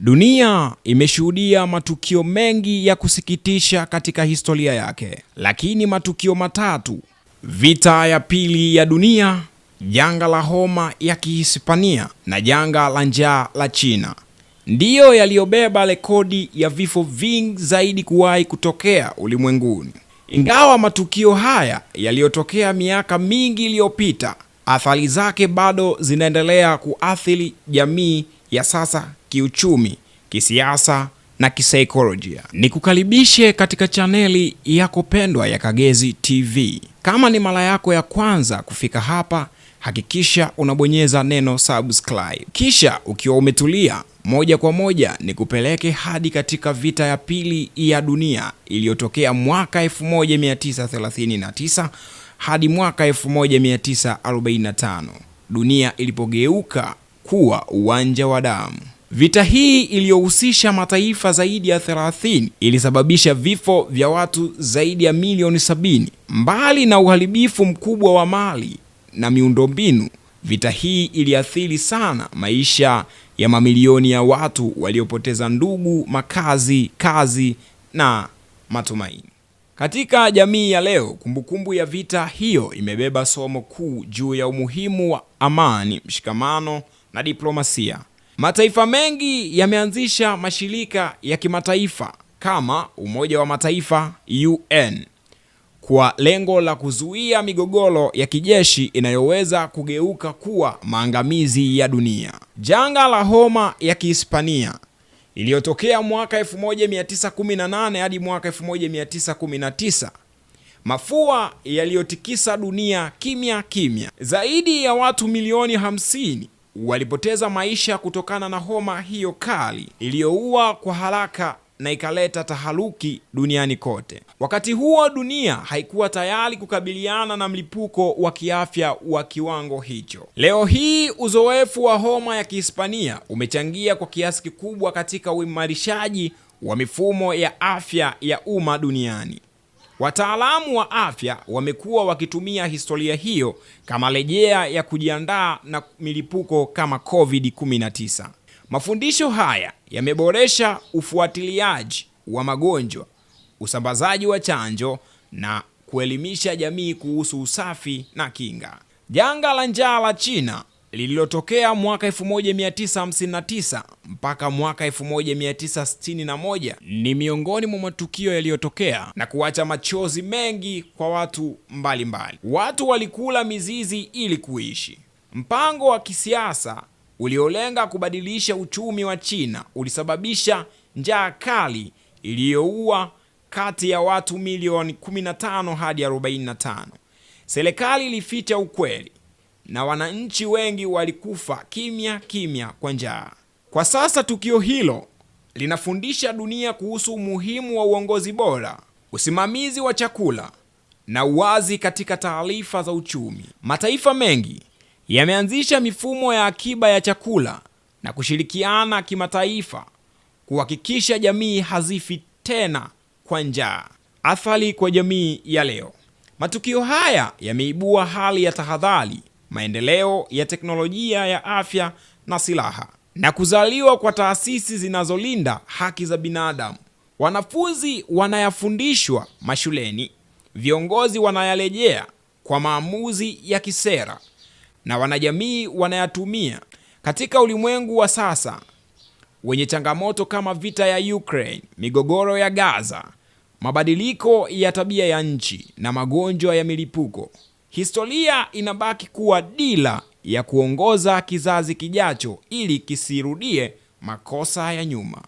Dunia imeshuhudia matukio mengi ya kusikitisha katika historia yake, lakini matukio matatu: vita ya pili ya dunia, janga la homa ya Kihispania na janga la njaa la China ndiyo yaliyobeba rekodi ya vifo vingi zaidi kuwahi kutokea ulimwenguni. Ingawa matukio haya yaliyotokea miaka mingi iliyopita, athari zake bado zinaendelea kuathiri jamii ya sasa kiuchumi, kisiasa na kisaikolojia. Nikukaribishe katika chaneli yako pendwa ya Kagezi TV. Kama ni mara yako ya kwanza kufika hapa, hakikisha unabonyeza neno subscribe, kisha ukiwa umetulia, moja kwa moja ni kupeleke hadi katika vita ya pili ya dunia iliyotokea mwaka 1939 hadi mwaka 1945 dunia ilipogeuka kuwa uwanja wa damu. Vita hii iliyohusisha mataifa zaidi ya 30 ilisababisha vifo vya watu zaidi ya milioni sabini. Mbali na uharibifu mkubwa wa mali na miundombinu, vita hii iliathiri sana maisha ya mamilioni ya watu waliopoteza ndugu, makazi, kazi na matumaini. Katika jamii ya leo, kumbukumbu ya vita hiyo imebeba somo kuu juu ya umuhimu wa amani, mshikamano na diplomasia. Mataifa mengi yameanzisha mashirika ya kimataifa kama Umoja wa Mataifa UN kwa lengo la kuzuia migogoro ya kijeshi inayoweza kugeuka kuwa maangamizi ya dunia. Janga la homa ya Kihispania iliyotokea mwaka 1918 hadi mwaka 1919, mafua yaliyotikisa dunia kimya kimya. Zaidi ya watu milioni 50 walipoteza maisha kutokana na homa hiyo kali iliyoua kwa haraka na ikaleta taharuki duniani kote. Wakati huo, dunia haikuwa tayari kukabiliana na mlipuko wa kiafya wa kiwango hicho. Leo hii, uzoefu wa homa ya Kihispania umechangia kwa kiasi kikubwa katika uimarishaji wa mifumo ya afya ya umma duniani. Wataalamu wa afya wamekuwa wakitumia historia hiyo kama rejea ya kujiandaa na milipuko kama COVID-19. Mafundisho haya yameboresha ufuatiliaji wa magonjwa, usambazaji wa chanjo na kuelimisha jamii kuhusu usafi na kinga. Janga la njaa la China lililotokea mwaka 1959 mpaka mwaka 1961 ni miongoni mwa matukio yaliyotokea na kuacha machozi mengi kwa watu mbalimbali mbali. Watu walikula mizizi ili kuishi. Mpango wa kisiasa uliolenga kubadilisha uchumi wa China ulisababisha njaa kali iliyoua kati ya watu milioni 15 hadi 45. Serikali ilificha ukweli na wananchi wengi walikufa kimya kimya kwa njaa. Kwa sasa tukio hilo linafundisha dunia kuhusu umuhimu wa uongozi bora, usimamizi wa chakula na uwazi katika taarifa za uchumi. Mataifa mengi yameanzisha mifumo ya akiba ya chakula na kushirikiana kimataifa kuhakikisha jamii hazifi tena kwa njaa. Athari kwa jamii ya leo. Matukio haya yameibua hali ya tahadhari maendeleo ya teknolojia ya afya na silaha, na kuzaliwa kwa taasisi zinazolinda haki za binadamu. Wanafunzi wanayafundishwa mashuleni, viongozi wanayarejea kwa maamuzi ya kisera, na wanajamii wanayatumia katika ulimwengu wa sasa wenye changamoto kama vita ya Ukraine, migogoro ya Gaza, mabadiliko ya tabia ya nchi na magonjwa ya milipuko. Historia inabaki kuwa dira ya kuongoza kizazi kijacho ili kisirudie makosa ya nyuma.